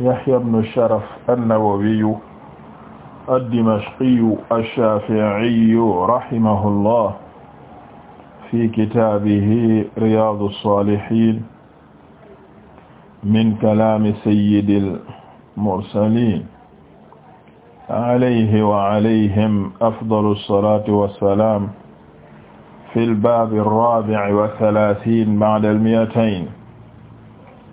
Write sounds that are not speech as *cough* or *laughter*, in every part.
Yahya ibn Sharaf an-Nawawiyu ad-Dimashqiyu ash-Shafi'iyu rahimahullah fi kitaabihi Riyaadu s-Saalihiin min kalaami sayyidil mursaliin alayhi wa alayhim afdalu s-salaati wa s-salaam fil baabi r-raabi'i wa thalaathiin ba'da l-mi'atayn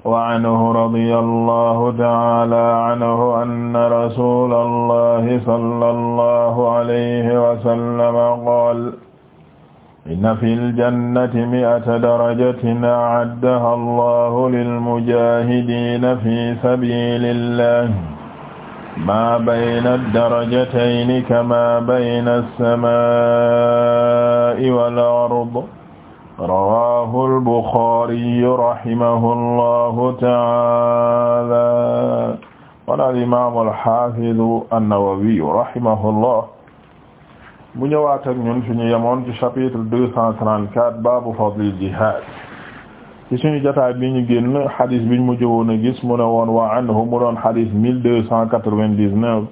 wa anhu radiyallahu ta'ala anhu anna rasulallahi sallallahu alayhi wa sallam qaala inna fil jannati mi'ata darajatin a'addaha Allahu lil mujaahidiina fi sabiilillahi maa bayna ad-darajatayni kamaa bayna as-samaa'i wal ard rawahu albuxaariyu rahimahu allahu taala wana alimamu alxafidu annawawiyu rahimahu llah mu ñëwaat ak ñun fi ñu yemoon ci chapitre deux cent trente-quatre baabu fadlil jihaad ci suñu jotaay bi ñu génn xadis bi ñu mujj woon a gis mu ne woon wa anhu mu doon xadis mille deux cent quatre-vingt-dix-neuf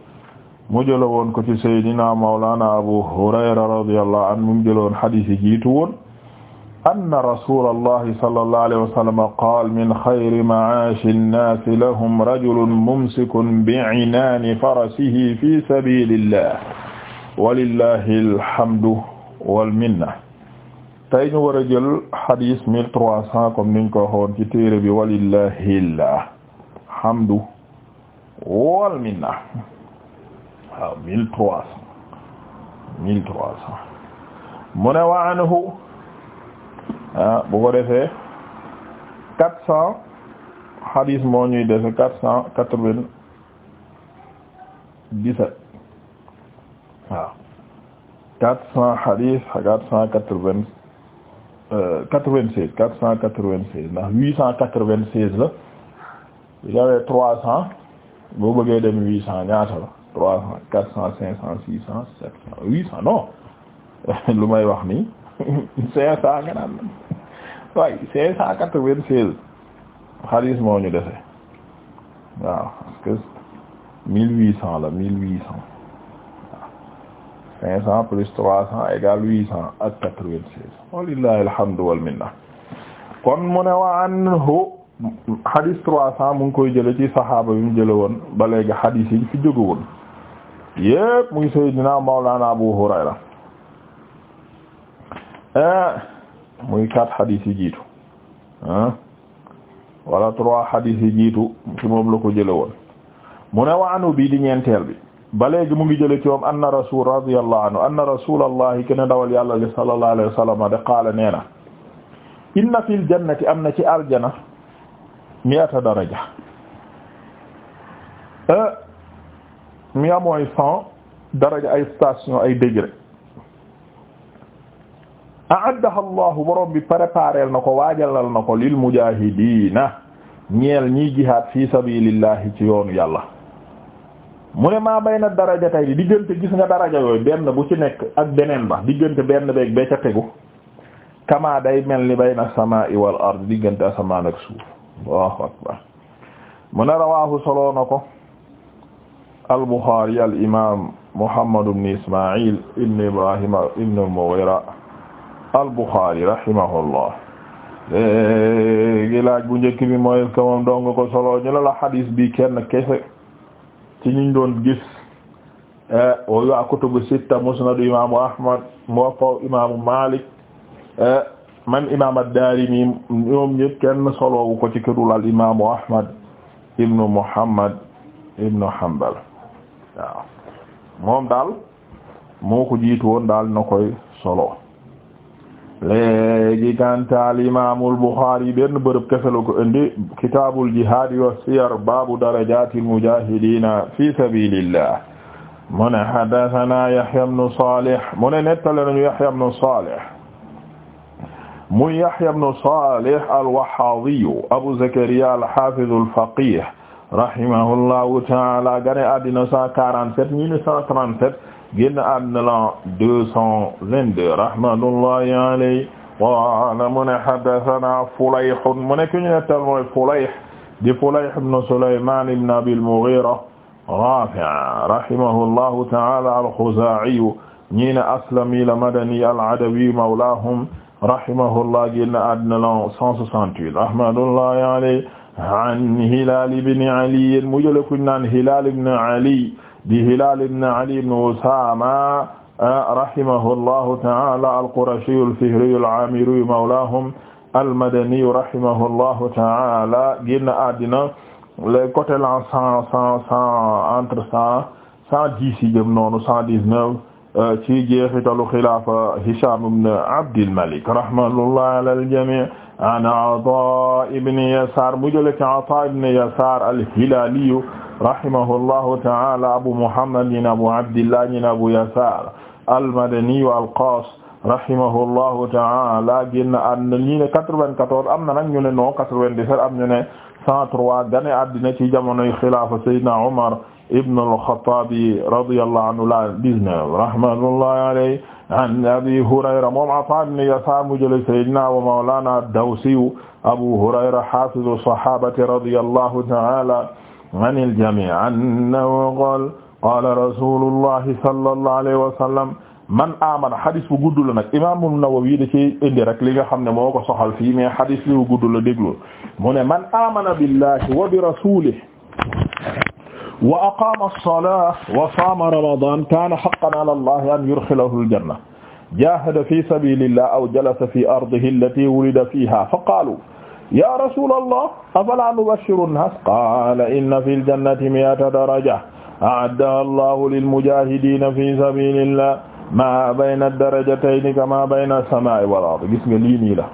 mu jëla woon ko ci saydina mawlana abu hurayra radiyallahu anhu mu jëla woon xadis yi jiitu woon anna rasuulallahi sallallahu alayhi wa sallam qaala min xayri ma'aashi nnaasi lahum rajulun mumsikun bi'inaani farasihi fi sabiilillah walillahi alhamdu wal minna. tey ñu war a jël xadis mille trois cent comme niñ ko waxoon ci téere bi walillahi alhamdu wal minna waaw mille trois cent mille trois cent mu ne wa anhu ah bu ko defee quatre cent hadis moo ñuy dese quatre cent quatre-vingt-dix-sept quatre cent hadis quatre cent quatre-vingt euh, quatre-vingt-seize quatre cent quatre-vingt-seize ndax huit cent quatre-vingt-seize la j'avais trois cent boo bëggee dem huit cent ñaata la trois cent quatre cent cent six cent cent huit cent non *laughs* lu may wax nii cinq cent nga naan waaye cinq cent quatre-vingt-seize xaalis moo ñu dese waaw parce que mille huit cent la mille huit cent waaw cinq cent plus trois cent égale huit cent ak quatre-vingt-seize walillahi alhamdu wal minna kon mu ne wa anhu xadis trois cent mu ngi koy jële ci saxaaba bi mu jële woon ba léegi xadis yi fi jóge woon yépp muy sayyidina mawlana Abu Hurayra Eh, muy quatre hadith yi jiitu ah wala trois hadith yi jiitu ci moom la ko jële woon mu ne wa anu bii di ñeenteel bi ba léegi mu ngi jële ci moom anna rasul radiyallahu anhu anna rasulallahi kene ndawal yàlla li sallallahu alayhi wa sallam de qaala nee na inna fil jannati am na ci aljana mi'ata daraja eh, mi amooy cent daraja ay station ay degré a'addaha Allahu borom bi préparel na ko waajalal na ko lil mujaahidiina ñeel ñiy jihaad fi sabilillahi ci yoonu yàlla mu ne maa bayna daraja tay diggante gis nga daraja yooyu benn bu ci nekk ak beneen ba diggante benn beeg bee kamaa day mel ni bayna samaa'i wal ard diggante asamaan ak suuf Allahu akbar mu ne rawaahu soloo na ko al Buxaari al imaam Muhammad ibn Ismaa'iil ibn Ibraahiim ibn al al-Bukhari rahimahullah léegi bu njëkk bi mooy que moom ko solo ñu la la xadis bi kenn kese ci ñu doon gis eh, wa waa kutubu sitta musnad imaamu Ahmad muwatta imaamu Malik eh, man imaam ad-Daarimi ñoom ñëpp kenn solowu ko ci kërul al imaamu Ahmad ibnu Muhammad ibnu Hanbal moom daal moo ko jiitu woon daal koy solo. léegi kanta al imaamul Buxaari benn bërëb kese la ko indi kitaabul jihaad wa siyar baabu darajaatil mujaahidiina fi sabiilillah mu ne haddasanaa Yahyaa ibnu Saalih mu ne nettali nañu Yahyaa ibnu Saalih muy Yahyaa ibnu Saalih al-Wahhaadhi Abu Zakariyaa al-Haafiz al-Faqiih rahimahullahu ta'aala gane àddina 147 137 génn àdduna la deux cent vingt-deux rahmatullahi alayhi qaala mu ne haddathana Fulayh mu ne ku ñu nettal mooy Fulayh di Fulayh ibn Sulaymaan ibn Abil Mughiira Raafi' rahimahullahu ta'aala al-Khuzaa'i ñi ne aslami la madani al-Adawi mawlaahum rahimahullah génn àdduna la cent soixante-huit rahmatullahi alayhi an Hilaal ibn Ali mu jël ku ñu naan Hilaal ibn Ali di Hilaal ibn Ali ibn Usaama ah, rahimahullahu ta'ala al-Qurashiyyu al-Fihriyyu al-Aamiriyyu mawlaahum al-Madaniyyu rahimahullahu ta'ala génn àddina le côté l'an cent cent cent entre cent cent dix yi jëm noonu cent dix-neuf ah, ci jeexitalu xilaafa Hicham ibn Abdil Malik rahmatullahi ala al-jamii' an Ata ibn Yasar mu jële ci Ata ibn Yasar al-Hilaliyu rahimahullahu ta'ala Abu Muhammad ñi ne Abu Abdillah ñi ne Abu Yasar al-Madaniyu al-Qaas rahimahullahu ta'ala génn àddina ñi ne 94 am na nag ñu ne non 97 am ñu ne 103 gane àddina ci jamonoy xilaafa Sayyidina Umar ibn al-Khattab radiyallahu anhu la 19 rahmatullahi alayhi an abi hurayra moom Ataa ibn Yasaar mu jële sayyidina wa mawlaana ad-Dawsi abu hurayra haafizu sahaabati radiyallahu ta'ala anil jamii' annahu qaala qaala rasuulullahi sallallahu alayhi wa sallam man amana hadis bu gudd la nag imaamu Nawawi da ci indi rek li nga xam ne moo ko soxal fii mais hadis bi bu gudd la déglu mu ne man amana billahi wa bi rasuulihi wa aqaama as-salaa wa saama ramadaan kaana haqqan ala allahi an yudxilahu al-janna jaahada fi sabiilillah aw jalasa fi ardihi allatii wulida fiihaa faqaaluu yaa rasuulallah afalaa nubashshiru nnaas qaala inna fil jannati mi'ata daraja a'addahaa allahu lilmujaahidiina fi sabiilillah maa bayna ad-darajatayni kamaa bayna as-samaa'i wal ardi gis nga lii nii la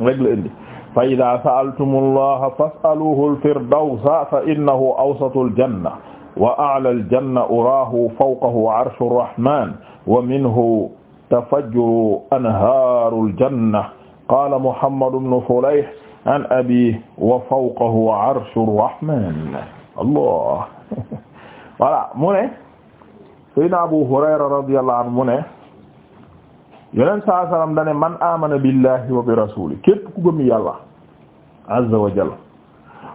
*laughs* rek la indi fa ida sa'altumu allaha fas'aluhu al-firdawsa fa innahu awsatu al-janna wa a'la al-janna uraahu fawqahu arshu ar-rahman wa minhu tafajjuru anhaaru al-janna qaala muhammadu bnu fulayh an abiihi wa fawqahu arshu ar-rahman allah *laughs* voilà mu ne sayyidina abu hurayra radiyallahu anhu mu ne yonent saa sallam dane man amana billahi wa bi rasuli képp ku gëm yàlla azza wa jalla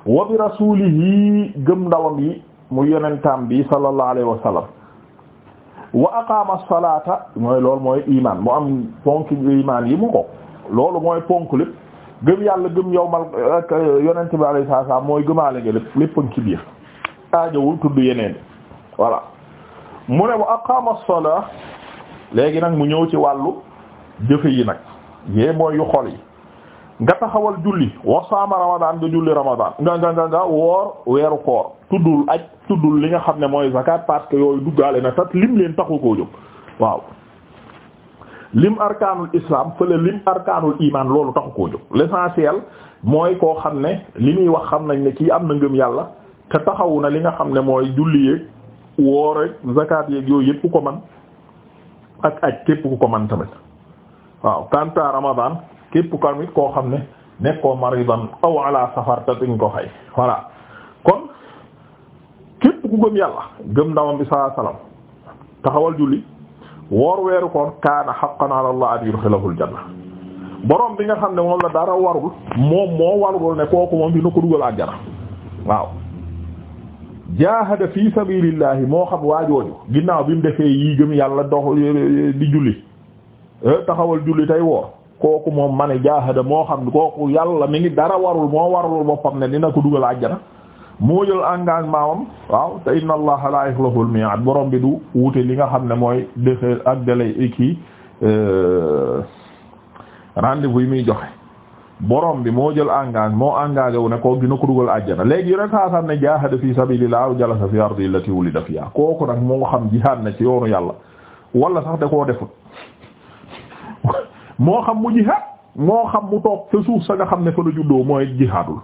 wa bi rasulihi gëm ndawam yi mu yonentam bi sallallahu alayhi wa sallam solaata mooy lool mooy iman mu am ponk iman yi mu ko loolu mooy ponk lépp gëm yàlla gëm yow ak yonent bi alayhi salaam mooy gëmaale nga lépp lépp ci biir aajowul tudd yeneen voilà mu ne wa aqama as léegi nag mu ñëw ci wàllu jëfe yi nag yée mooy yu xol yi nga taxawal julli wa saama ramadan nga julli ramadan nga nga nga woor weeru koor tuddul aj tuddul li nga xam ne mooy zakat parce que yooyu duggaale na tat lim leen taxu koo jóg waaw lim arkaanul islam fële lim arkaanul iman loolu taxu koo jóg l'essentiel mooy koo xam ne li muy wax xam nañ ne kii am na ngëm yàlla te taxawu na li nga xam ne mooy julli yeeg woor ak zakat yeeg yooyu yëpp ko man ak aj képp ko man tamit waaw kanta ramadan képp kamit koo xam ne nekkoo maridan aw ala safar te duñ ko fay voilà kon képp ku gëm yàlla gëm ndawam bi sallallahu alayhi taxawal julli woor weeru koon kaana haqqan ala allah an janna borom bi nga xam ne moom la dara warul moom moo warul ne kooku moom dina ko dugal àjjana waaw jaahada fi sabilillahi moo xam waajooju ginnaaw bi mu defee yi gëm yàlla dox di julli eh, taxawal julli tey woor kooku moom ma ne jaahada moo xam kooku yàlla mi ngi dara warul moo warul boppam ne dina ko dugal àjjana moo jël engagement am waaw te inna allaha la yuxliful mi'ad borom bi du wuute li nga xam ne mooy defe ak délai eh, kii eh, rendez-vous yi muy joxe borom bi moo jël engage moo engagé wu ne ko dina ko dugal àjjana léegi yoneen saa sam ne jaahada fi sabilillah aw jalasa fi ardi allati wulida fiha kooku nag moo nga xam jihaad na ci yoonu yàlla wala sax da koo defut moo xam mu jihaad moo xam mu toog te suuf sa nga xam ne fa la juddoo mooy jihaadul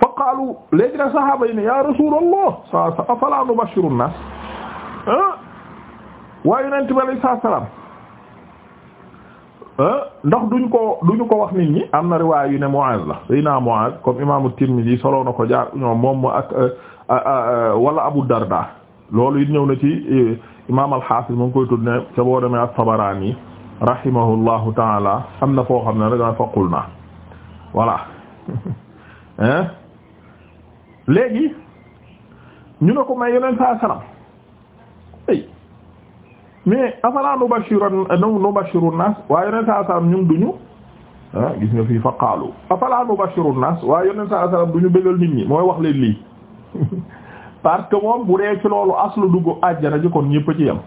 fa qaalu léegi nag sahaaba yi ne ya rasulallah sa sa afala nubashiru nas waa yonent bi alay duñ ko duñu ko wax nit ñi am na riwaay ne Muaz la sayna Muaz comme na ko jaar moom euh, euh, euh, wala Abu Darda loolu it ñëw na ci imaam al-Hafiz mu ngi koy tudd ne ca boo demee ak Tabarani rahimahullahu taala am na foo xam ne rek dana faqul naa voilà *laughs* léegi ñu ne ko may yeneen saa salaam ay mais afala nubashiru nubashiru nas waa yeneen saa salaam ñun duñu ah gis nga fii faqaalu afala nubashiru nas waa yeneen saa salaam duñu bégal nit ñi mooy wax leen lii *laughs* parce que moom bu dee ci loolu aslu dugg àjjana ji kon ñépp ci yam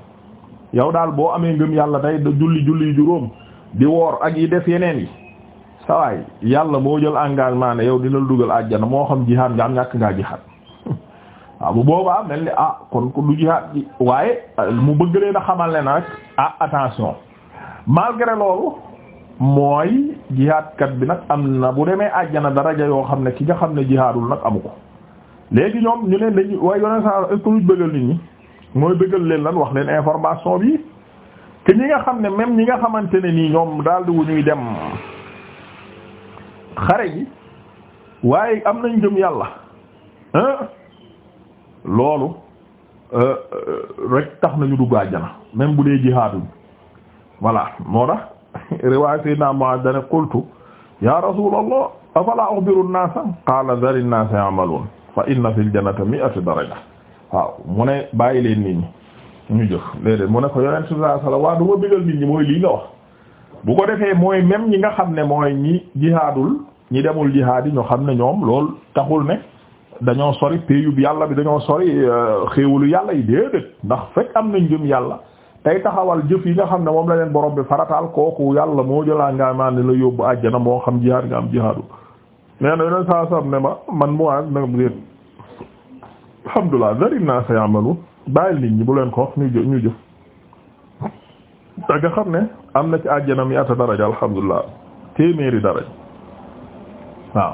yow daal boo amee ngëm yàlla day julli julli juróom di woor ak yi def yeneen yi sawaay yàlla moo jël engagement na yow dina la dugal àjjana moo xam jihaad nga am ñàkk ngaa jihaad *laughs* waaw bu boobaa mel ah kon ko ji waaye euh, mu bëgg leen a xamal ne nag ah attention malgré loolu mooy jihaadkat bi nag am na bu demee àjjana daraja yoo xam ne ki nga xam ne jihaadul nag amu ko léegi ñoom ñu leen dañu waaye yoneen sa est-ce que luñ bëggal nit mooy bëggal leen lan wax leen information bi te ñi nga xam ne même ñi nga xamante ne nii ñoom daal di wu ñuy dem xare ji waaye am nañ jëm yàlla loolu euh, euh, rek tax nañu dugg àjjana même bu dee jihaadu voilà moo tax *laughs* riwaay Seydina Mu'aaz dane qultu ya rasuulallah afalaa uxbiru an-naasa qaala dhari an-naasa ya'maluun fa inna fil jannati mi'ata daraja waaw mu ne bàyyi leen nit ñi ñu jëf léeg-léeg mu ne ko yonent sallallahu alayhi wasallam waaw du ma nit ñi mooy lii nga wax bu ko defee mooy même ñi nga xam ne mooy ñi jihaadul ñi demul jihaad yi ñu xam ne ñoom lool taxul ne dañoo sori péyub yàlla bi dañoo sori euh, xéewalu yàlla yi déedéet ndax fekk am nañu jëm yàlla tey taxawal jëf yi nga xam ne moom la leen borom bi farataal kooku yàlla moo jëlaa ngaa maa ne la yóbbu àjjana moo xam jihaad nga am jihaadu nee na yonent sallallahu alayhi wasallam ne ma man alhamdulilah zarib naa sa yamalu nit ñi bu leen ko wax ñu jëf ñu jëf xam ne am na ci àjjana mi ata daraja alhamdulilah téeméeri daraja waaw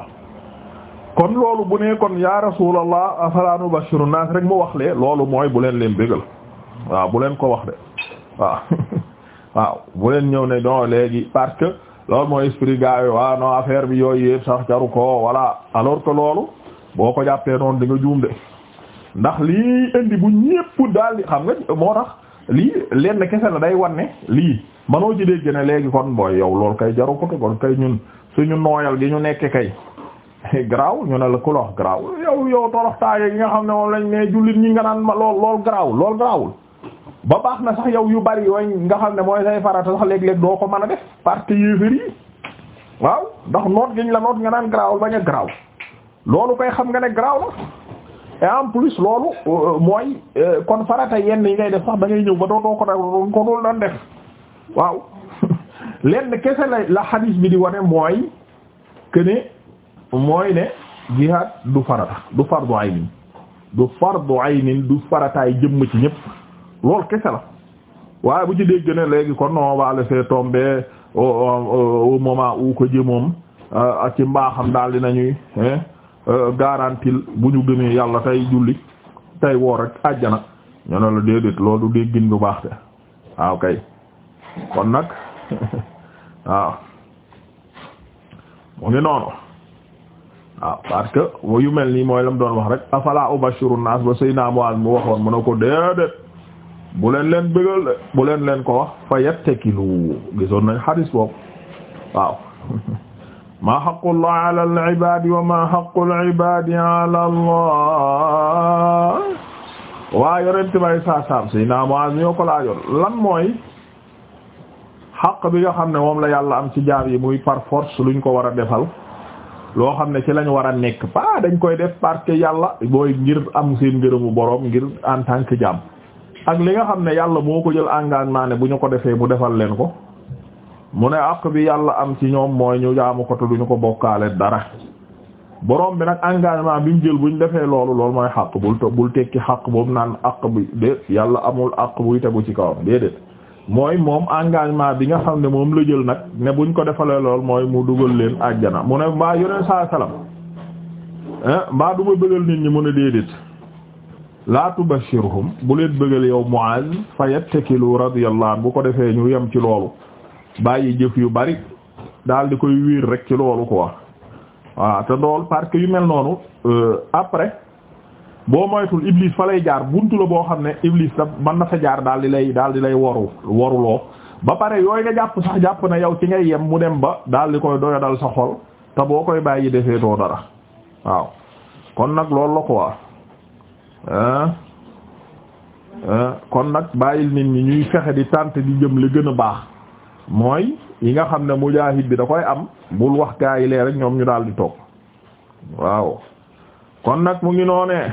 kon loolu bu ne kon ya rasulallah afala nubashiru naas rek mu wax lee loolu mooy bu leen leen bégal waaw bu leen ko wax de waaw *laughs* bu leen ñëw ne don léegi parce que loolu mooy esprit gars waaw non affaire bi yooyu yëpp sax jaru ko voilà alors que loolu boo ko jàppee noonu di juum de ndax lii indi bu ñépp daal di xam nga moo tax lii lenn kese la day wanne lii manoo ci dégg ne léegi kon booy yow loolu kay jaru ko kon kay ñun suñu nooyal gi ñu nekk kay *laughs* garaaw ñu ne la ku la yow yow torox taage gi nga xam ne moom lañ ne jullit ñi nga naan ma lool lool garaaw lool garaawul ba baax na sax yow yu bari yooyu nga xam ne mooy say farat sax léeg-léeg doo ko mën a def parti yéefér yi waaw ndax noot giñ la noot nga naan garaawul bañ a garaaw loolu koy xam nga ne garaaw la et en plus loolu euh, mooy euh, kon farata yenn yi ngay def sax da ngay ñëw ba dootoo ko doon ko doon doon def waaw *laughs* lenn kese la la hadis bi di wane mooy que mooy ne jihaad du farata du fardu du fardu aynin du farataay jëmm ci ñëpp loolu kese la waaye bu ci dégg ne léegi kon on va laisser tomber au moment jëmoom ak euh, ci mbaaxam daal di nañuy. Euh, garantil bu ñu gëmee yàlla tey julli tey woor rek àjjana ñu ne la déedéet loolu déggin bu baax te waaw kay kon nag *laughs* waaw mu ngi noonu waaw parce que yu mel nii mooy la mu doon wax rek afala ubashiru naas ba Seydina Muaz mu waxoon mu ne ko déedéet bu leen leen bëggal de bu leen leen ko wax fa yattakilu gisoon nañ xadis boobu waaw *laughs* ma xaqullah ala al-ibaadi wa ma xaqul ibaadi ala Allah waa yorenti bay saa saam si naa Muaaz ñoo ko laajoon lan mooy xaq bi nga xam ne moom la yàlla am ci jaam yi muy par force luñ ko war a defal loo xam ne ci lañ war a nekk ba dañ koy def parce que yàlla booy ngir am seen ngërëmu boroom ngir en tant que jaam ak li nga xam ne yàlla moo ko jël engagement ne bu ñu ko defee mu defal leen ko mu ne àq bi yàlla am ci ñoom mooy ñu jaamu ko te ñu ko bokkaale dara borom bi nag engagement bi mu jël buñ defee loolu loolu mooy xaq bul bul tekki xaq boobu naan àq bi de yàlla amul àq buy tegu ci kawam déedéet mooy moom engagement bi nga xam ne moom la jël nag ne ñu ko defalee lool mooy mu dugal leen àjjana mu ne mbaa yoneen saa salam mbaa du ma bëggal nit ñi mu ne déedéet laa tubashirhum bu leen bëggal yow Muaz fa yattakilu radiyallahu bu ko defee ñu yem ci loolu bàyyi jëf yu bari daal di koy wiir rek ci loolu quoi waaw te lool parce que yu mel noonu euh, après boo moytul Iblis fa lay jaar buntu la boo xam ne Iblis da mën na fa jaar daal di lay daal di lay waru waruloo ba pare yooyu nga jàpp sax jàpp na yow ci ngay yem mu dem ba daal di koy doya dal sa xol te boo koy bàyyi defee too dara waaw kon nag loolu la ko ah kon nag bàyyil nit ñi ñuy fexe di tànt di jëm la gën a baax mooy yi nga xam ne mujaahid bi da koy am bul wax gaa yi lee rek ñoom ñu daal di toog waaw kon nag mu ngi noonee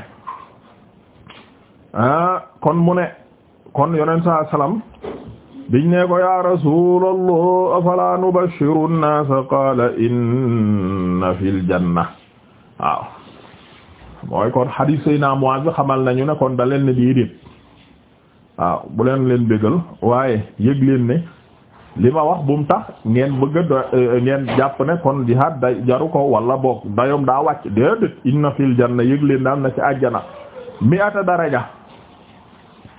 ah kon mu ne kon yonent saa salaam biñ ne ko ya rasuulallah afala nubashiru an-nas inna fil janna waaw mooy kon hadith yi naa Muaz xamal nañu ne kon da leen ne déedéet waaw bu leen leen bégal waaye yëg leen ne li ma wax bu tax ngeen bëgg euh, ngeen jàpp ne kon jihaad jaru ko wala boog dayom daa wàcc déedéet inna fil janna yëg leen daan na ci àjjana mi ata daraja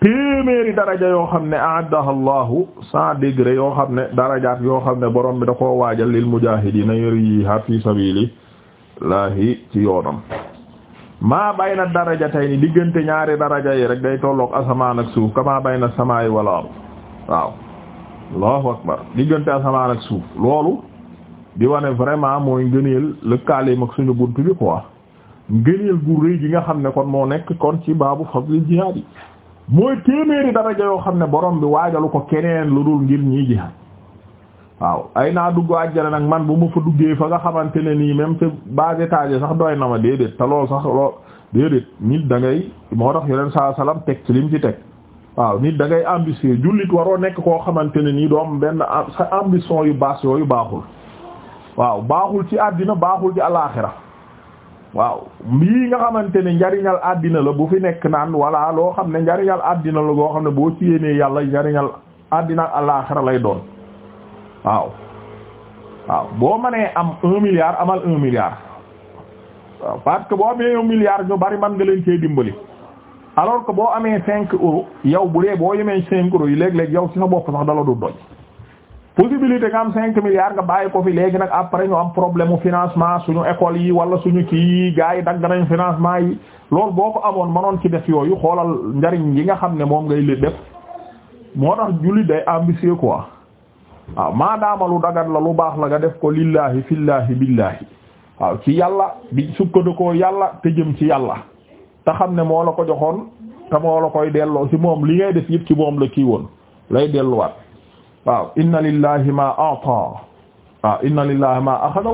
téeméeri daraja yoo xam ne a'addaha Allahu cent degré yoo xam ne darajaat yoo xam ne boroom bi da koo waajal lil mujaahidiina yuriha fi sabilillahi ci yoonam maa bayna darajatayni diggante ñaari daraja yi rek day tolloog asamaan ak suuf kamaa bayna samaa'i wal ard waaw allahu akbar diggante asamaan ak suuf loolu di wane vraiment mooy ngëneel lëkkaaleem ak suñu bunt bi quoi ngëneel gu rëy gi nga xam ne kon moo nekk kon ci baabu fadlil jihaad yi mooy téeméeri daraja yoo xam ne borom bi waajalu ko keneen lu dul ngir ñii jihaad waaw ay naa dugg àjjana nag man bu ma fa duggee fa nga xamante ne nii même te bas étage sax doy na ma déedéet te loolu sax lool déedéet nit da moo tax yeneen saa salaam teg ci lim ci teg waaw nit dangay ngay ambitieux jullit waroo nekk koo xamante ne nii doom benn sa ambition yu baas yooyu baaxul waaw baaxul ci àddina baaxul ci alaaxira waaw lii nga xamante ne njariñal àddina la bu fi nekk naan walla loo xam ne njariñal àddina la goo xam ne boo ci yéenee yàlla njariñal àddina ak alaaxira lay doon waaw waaw boo mënee am un milliard amal un milliard waaw parce que boo amee un milliard ñu bari man nga leen cee dimbali alors que boo amee cinq euros yow bu dee boo yemee cinq euros yi léeg-léeg yow ci sa bopp sax dala du doy possibilité nga am cinq milliards nga bàyyi ko fi léegi nag après ñu am problème mu financement suñu école yi wala suñu kii yi gars yi dagg nañu financement yi loolu boo ko amoon mënoon ci def yooyu xoolal njariñ yi nga xam ne moom ngay li def moo tax julli day ambitieux koi waaw maadaama lu dagat la lu baax la nga def ko lillahi fillahi billahi waaw ci yàlla bi sukkandikoo yàlla te jëm ci yàlla te xam ne moo la ko joxoon te moo la koy delloo ci moom li ngay def yëpp ci moom la kii woon lay delluwaat waaw inna lillahi ma ata waaw inna lillahi ma axada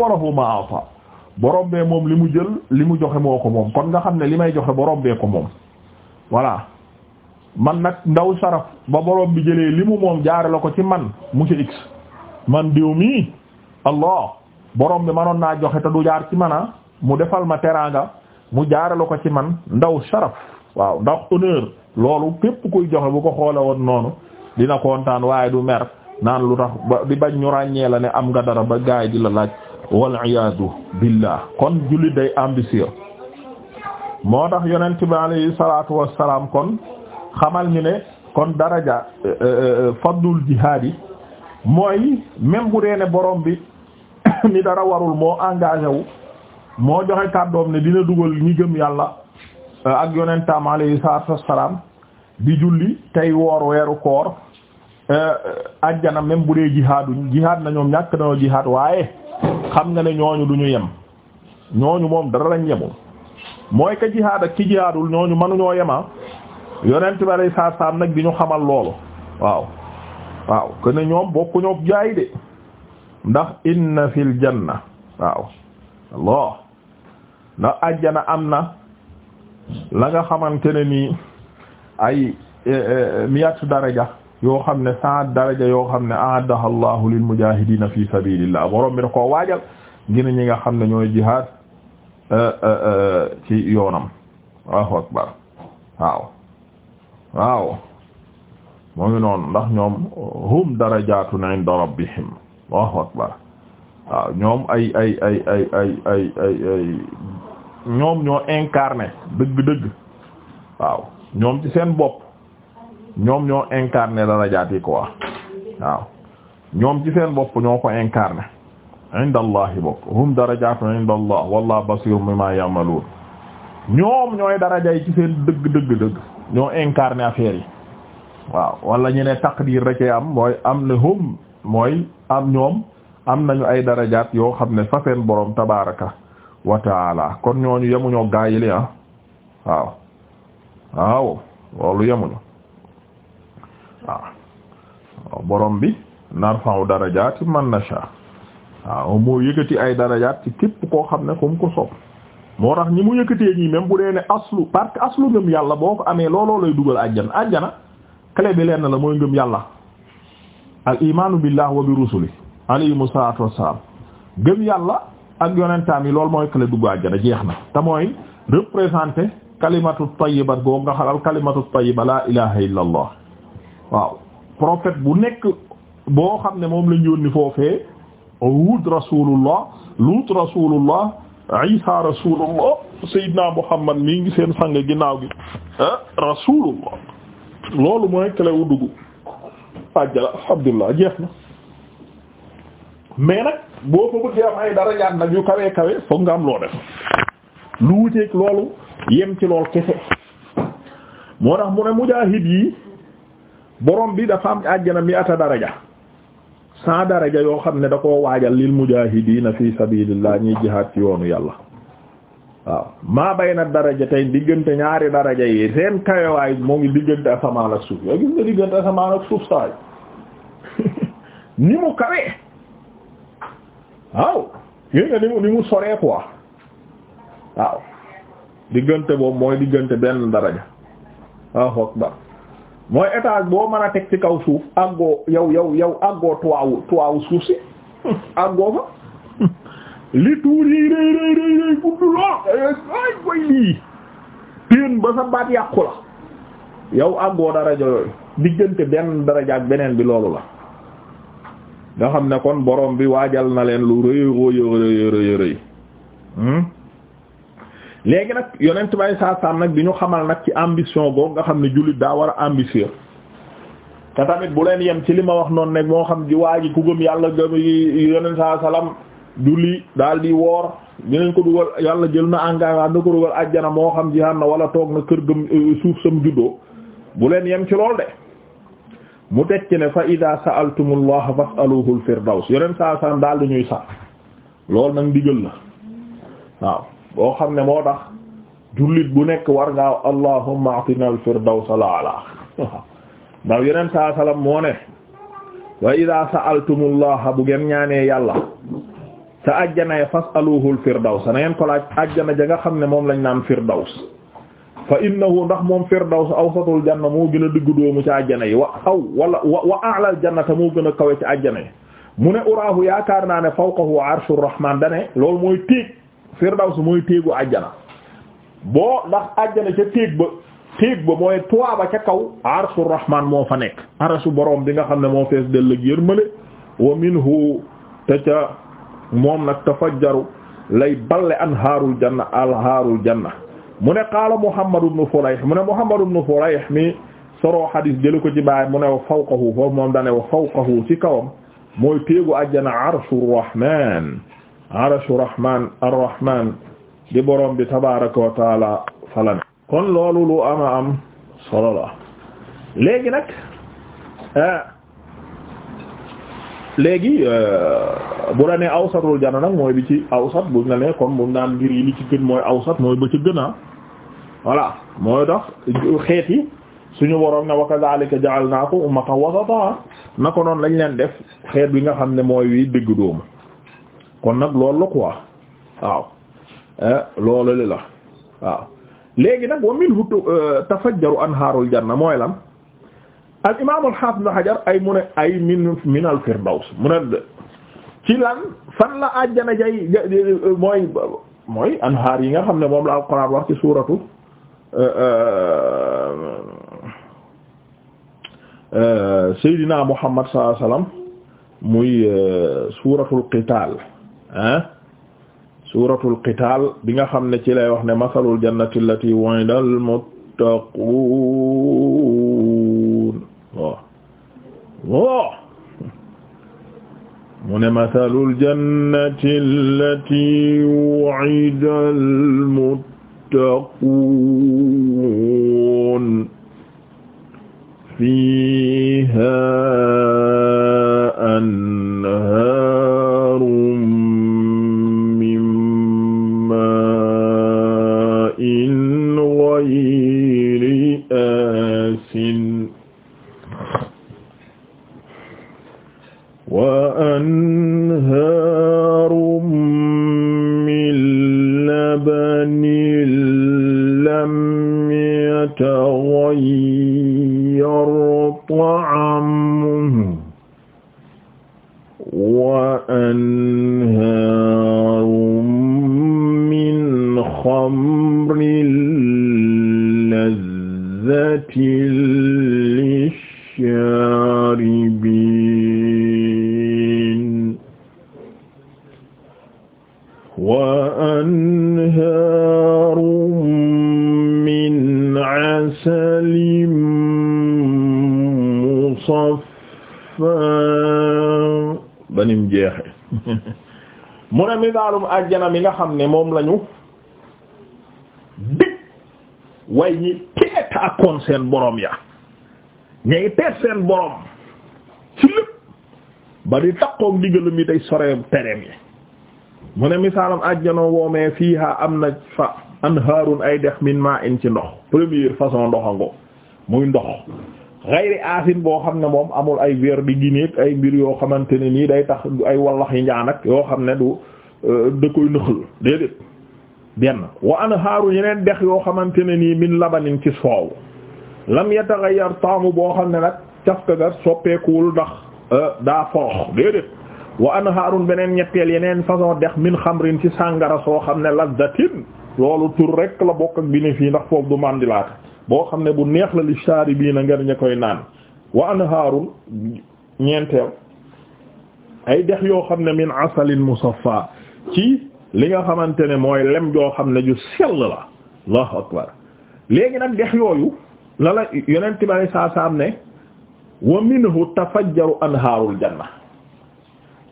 wa bee moom li mu jël li mu joxe moo ko moom kon nga xam ne li may joxe borom bee ko moom voilà man nag ndaw saraf ba borom bi jëlee li mu moom jaare la ko ci man monsieur x man diw mii allah borom bi manoon naa joxe te du jaar ci mana ah. mu defal ma teraanga mu jaarale ko ci man ndaw sharaf waaw ndax honneur loolu képp kuy joxe bu ko xoole woon noonu dina kontaan waaye du mer naan lu tax ba di bañ ñu ràññee la ne am nga dara ba gaay di la laaj wal iyaadu billah kon jullit day ambitieux moo tax yonent bi alayhi salaatu wassalaam kon xamal ñu ne kon daraja eh, eh, eh, fadlul jihaad yi mooy même bu dee ne borom bi *coughs* ni dara warul moo engagé moo joxe kàddoom ne dina dugal ñi gëm yàlla euh, ak yonentam alayhi salaatu wassalaam di julli tey woor weeru koor euh, ajjana même bu dee jihaaduñ jihaad na ñoom ñàkk nañoo jihaad waaye xam nga ne ñooñu du ñu yem ñooñu moom dara lañ yemul mooy ka jihaad ak ki jihaadul ñooñu mënuñoo yema yonent bi alayhi salaatu nag di ñu xamal loolu waaw waaw que ne ñoom bokkuñoo jaay de ndax inna fil janna waaw Allah ndax ajjana am na la nga xamante ne ni ay e, e, miyatu daraja yoo xam ne saat daraja yoo xam ne aaddaha allahu lil mujahidina fi sabilillah borom bi da koo waajal ngir ñi nga xam ne ñooy jihaad e, ci yoonam allahu akbar waaw waaw moo ngi noonu ndax ñoom hum darajatun inda rabbihim allahu akbar waaw ñoom ay ay ay ay ñoom ñoo incarné dëgg-dëgg waaw ñoom ci seen bopp ñoom ñoo incarné darajaat yi ko waaw ñoom ci seen bopp ñoo ko incarné inda allah bopp hum darajaatun inda allah wallahu basirun bima ñoom ñooy daraja yi ci seen dëgg dëgg dëgg ñoo incarné affaire yi waaw wala ñu ne taqdir rek am mooy am na hum mooy am ñoom am nañu ay darajaat yoo xam ne fa seen borom tabaraka wa kon ñooñu yemuñoo gaa yi li waaw waaw loolu yemuñu waaw borom bi narfa'u darajaati man nasha waaw moo yëkkati ay darajaat ci képp koo xam ne comme ko sopp moo tax ñi mu yëkkatee ñii même bu dee ne aslu parce que aslu ngëm yàlla boo ko amee looloo lay dugal àjjana àjjana clé bi lenn la mooy ngëm yàlla al imaanu billah wa bi rusuli alayhimu salaatu wassalaam gëm yàlla ak yonentaam yi loolu mooy kële dugg àjjana jeex na te mooy représenté kalimatu tayyiba boobu nga xalal kalimatu tayyiba la ilaha illa allah waaw prophète bu nekk boo xam ne moom lañ yónni foofee Hud rasulullah Lut rasulullah Isa rasulullah Seydina Muhammad mii ngi seen a ginnaaw gi ah, rasulullah loolu mooy kële wu dugg alhamdulillah jeex na mais nag boo ko bëggee am ay darajaat nag yu kawee kawe foog nga am loo def lu wuteeg loolu yem ci lool kese moo tax mu ne mujaahid yi boroom bi dafa am àjjana mi ata daraja sans daraja yoo xam ne da koo waajal lil mujaahidiina fi sabilillah ñuy jihaad ci yoonu yàlla waaw maa bay na daraja tey diggante ñaari daraja yi seen kawewaay moo ngi diggante asamaan ak suuf yoo gis nga diggante asamaan ak suuf saay *laughs* ni mu kawe waaw gis nga ni mu ni mu soree quoi waaw diggante boobu mooy diggante benn daraja waaw foog ba mooy étage boo mën a teg ci kaw suuf àggoo yow yow yow àggoo tuwaawu tuwaawu suuf si *laughs* àggoo fa *laughs* li tuur rëy rëy rëy rëy gudd loo ay koy lii teen ba sa baat yàqu la yow àggoo daraja diggante benn daraja ak beneen bi loolu la nga xam ne kon boroom bi waajal na leen lu rëy rëy rëy rëy hmm? léegi nag yonent bay saasaam nag di ñu xamal nag ci ambition boobu nga xam ne jullit daa war a ambitieux te tamit bu leen yem ci li ma wax noon nag moo xam di waa ji ku gëm yàlla gëm yonent saa julli daal di woor dinañ ko dugal yàlla jël na engagement na ko dugal àjjana moo xam jihaad na wala toog na kër gëm euh, suuf sam juddoo bu leen yem ci lool de mu fa tekki ne fa ida sa'altumullaha fas'aluhul firdaws yeneen saa san daal di ñuy sax loolu nag digal la waaw xam ne moo tax jullit bu nekk war ngaa allahumma atina al firdaws ala ala *laughs* ndax yeneen saa salam moo ne wa ida sa'altumullaha bu ngeen ñaanee yàlla sa ajjana ya fas'aluhul firdaws na ngeen ko ajjana ja nga xam ne moom lañ naan firdaws fa innahu ndax moom firdaws awsatul janna moo gën a diggu ci àjjana yi wa aw wala wa wa a'lal jannata moo gën a kawe ci àjjana yi mu ne uraahu yaakaar naa ne fawqahu arshur rahman dane loolu mooy téeg firdaws mooy téegu àjjana boo ndax àjjana ca téeg ba téeg ba mooy toit ba ca kaw arshur rahman moo fa nekk arasu boroom bi nga xam ne moo fees dell ak yërmale wa minhu te ca moom nag tafajjaru lay balle anhaarul janna alhaarul janna mu ne qaala Muhammad ibn Fulayh mu ne Muhammad ibn Fulayh mi soroo xadis jële ko ci baay mu ne wa fawqahu foofu moom dane wa fawqahu ci kawam mooy téegu àjjana arshu rahman arshu rahman arrahman di borom bi tabaraka wa taala falane kon loolu lu ama am solo la léegi nag euh, léegi euh, bu la ne awsatul janna nag mooy bi ci awsat bu la ne kon mu naan ngir li ci gën mooy awsat mooy ba ci gën voilà mooy tax xeet yi suñu waroon ne wa kadhalika ja'alnakum ummatan wasata na ko noonu lañ leen def xeet bi nga xam ne mooy wi dëgg doomu kon nag loolu la quoi waaw eh, loolu li la waaw léegi nag wa minhu eh, tafajjaru anhaarul janna mooy lan al imaam al haafiz ibn ay mu ne ay min min al firdaws mu ne ci lan fan la àjjana jay mooy mooy anhaar yi nga xam ne moom la al qur'aan wax ci suuratu Euh, euh, euh, Seydina Muhammad sallallahu muy suuratul bi nga xam ne ci lay wax ne masalul al-muttaquun waaw waaw al-muttaquun تتقون فيها ta'amuhu wa an misaalum àjjana mi nga xam ne moom lañu dig way ñi teetaakoon seen boroom ya ñay teet seen boroom ci lépp ba di takkook diggalum yi tey soree tereem yi mu ne misaalum àjjana fii fiiha am na fa anhaarun ay dex min ma'in ci ndox première façon ndoxango muy ndox xayri asin boo xam ne moom amul ay weer di ay mbir yoo xamante ne nii day tax ay wallax yi njaan yoo xam ne du Euh, da koy nëxal déedéet benn wa anhaaru yeneen dex yoo xamante ne nii min labanin ci soow lam yataghayyar taamu boo xam ne nag cafka ga soppeekuwul ndax euh, daa forox déedéet wa anhaarun beneen ñetteel yeneen façon dex min xamrin ci sàngara soo xam ne lazzatin loolu tur rek la bokk ak fii ndax foofu du mandilaat boo xam ne bu neex la li bii shaaribiina ngeen ña koy naan wa anhaarun ñeenteel ay dex yoo xam ne min asalin musaffa ci li nga xamante ne mooy lem joo xam ne ju sell la allahu akbar léegi nag dex yooyu la la yonent bi saa saa am ne wa minhu tafajjaru anhaarul janna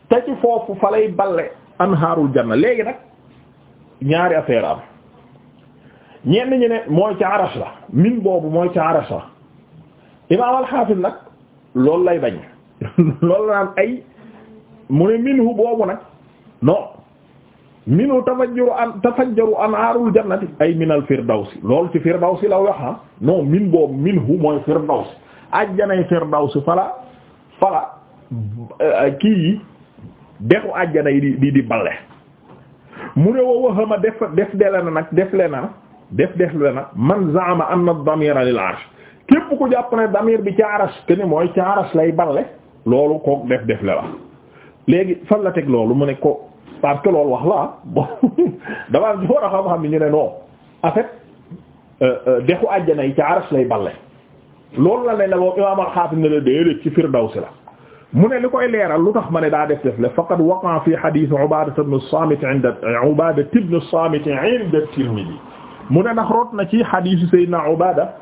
te ci foofu fa lay balle anhaarul janna léegi nag ñaari affaire am ñenn ñi ne mooy ci aras la min boobu mooy ci aras la imaam al nag loolu lay bañ *laughs* loolu la naan ay mu ne minhu boobu nag non minu tafajjaru an tafajjaru anhaarul jannati ay minal firdawsi loolu ci si la wax ah non min boobu minhu mooy firdawsi ajjanay firdawsi fala fala eh, kii yi dexu ajjana yi di di di balle mu ne wa waxama def def dele na nag def na def def le na man zaama anna damira lil arsh képp ku jàpp ne damir bi ci arsh te ni mooy ci lay balle loolu kook def def le la léegi fan loolu mu ne ko parce que loolu wax la ah bon *laughs* damaa ñu war a xam-xam ni ñu ne non en fait euh, euh, dexu àjjana yi ca aras lay balle loolu la ne la moom imaam al-Xaatim ne la déedéet ci Firdawsi la mu ne li koy leeral lu tax ma ne daa def def la faqad waqa fi hadith Ubaada ibn as-Saamit inda Ubaada ibn as-Saamit inda Tirmidhi mu ne ndax rot na ci hadith Sayyidina Ubaada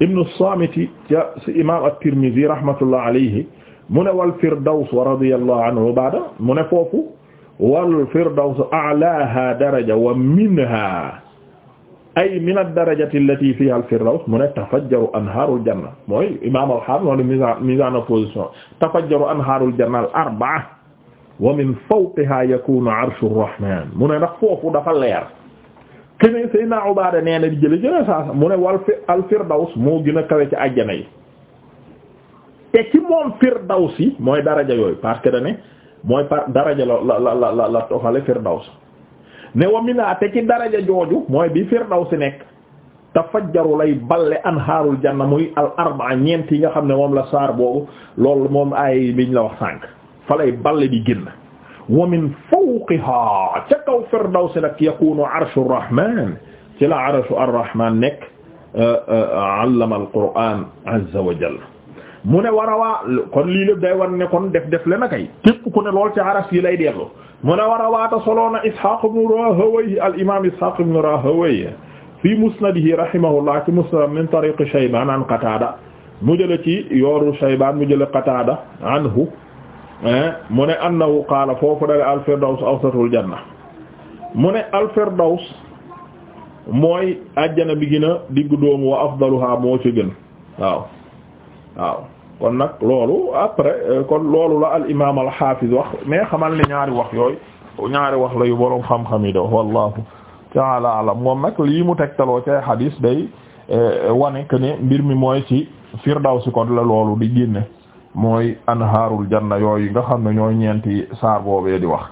ibn as-Saamit ca si imaam at-Tirmidhi rahmatullah alayhi mu ne wal Firdaws wa radiyallahu anhu Ubaada mu ne foofu. wal firdaws a'laha daraja wa minha ay min ad-darajati allati fiha al-firdaws mu ne tafajjaru anharul janna mooy imam al-hafiz opposition tafajjaru anharul al-arba'a wa min fawqiha yakunu arshu rahman mu ne ndax dafa leer kene Seydina Ubaada nee na di jële jële saasa mu ne wal al-firdaws moo gën a kawe ci àjjana yi te ci moom mooy daraja yooyu parce que mooy par daraja la la la la la tofale firdaws ne wa mina te ci daraja jooju mooy bi firdaws nekk tafajjaru lay balle anhaarul janna muy al arbaa ñeent yi nga xam ne moom la saar boobu loolu moom ay biñ la wax sànq fa lay balle di génn wa min fawqiha ca kaw firdaws nag yakunu arshu rahman ci la arshu ar rahman nekk euh, euh, allama al qur'an azza wa jalla mu ne war a waa kon lii lépp day war ne kon def def le na kay képp ku ne lool ci araf yi lay dellu mu ne war a waata soloona ishaq ibn rahawayh al imam ishaq ibn rahawayh fi musnadihi rahimahullah ci musnad min tariq shayban an qatada mu jële ci yooru shayban mu jële qatada anhu mu ne annahu qaala foofu dale al firdaws awsatul janna mu ne al firdaws mooy ajjana bi gën diggu doomu wa afdaluha moo ci gën waaw waaw kon nag loolu après euh, kon loolu la al imaam wax mais xamal ni ñaari wax yooy ñaari wax layu yu boroom xam-xam yi doon wallahu ta'ala alam moom nag lii mu tegtaloo ci xadiis day euh, wane que mbir mi mooy ci firdawsi kon la loolu di génne mooy anhaarul janna yooyu nga xam ne ñooy ñeenti saar boobee di wax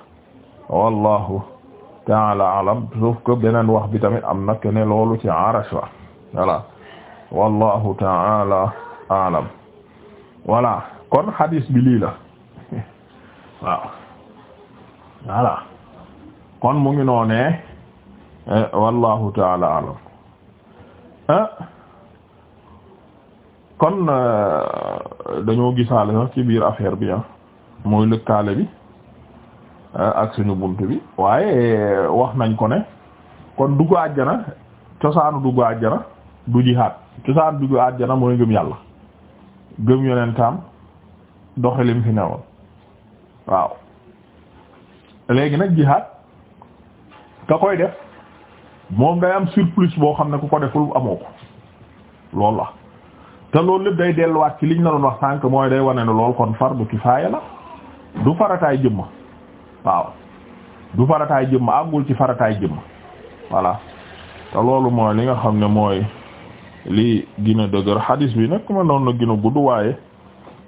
wallahu ta'ala alam sauf que beneen wax bi tamit am na que ne loolu ci arash la wallahu ta'ala alam voilà kon hadis bi lii la *laughs* waaw voilà kon mu ngi noonee eh, wallahu taala alam eh? kon eh, dañoo gisaale sax ci biir affaire bi ah mooy lëkkaale bi ak suñu bunt bi waaye wax nañ ko ne kon duggu àjjana cosaanu duggu àjjana du jihaad cosaanu duggu àjjana mooy ngëm yàlla gëm yonentam doxe fi newoon waaw léegi nag jihaad ka koy def moom day am surplus boo xam ne ku ko deful amoo ko loolu la te loolu lépp day delluwaat ci liñ la doon wax sànq mooy day wane ne lool kon fardu kifaaya la du farataay jëmm waaw du farataay jëmm àggul ci farataay jëmm voilà te loolu mooy li nga xam ne mooy li gina dëgër xadis bi nag ma a gudd waaye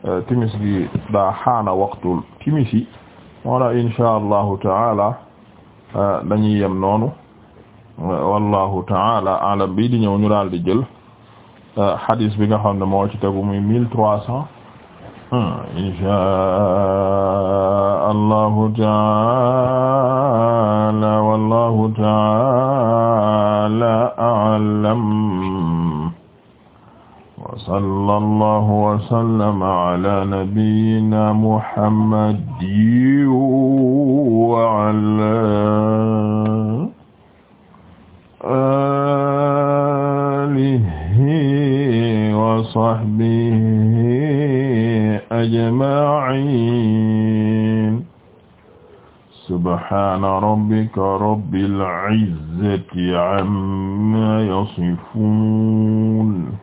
euh, timis gi daa xaana waxtul timis yi moo la insha allahu taala euh, dañuy yem noonu wallahu taala alam bi di ñëw ñu daal di jël euh, xadis bi nga xam ne moo ci tegu hmm, taala wallahu taala sallallahu wa sallam ala nabiyyina muhammadin wa ala alihi wa sahbihi ajma'in subhana rabbika rabbil izzati amma yasifun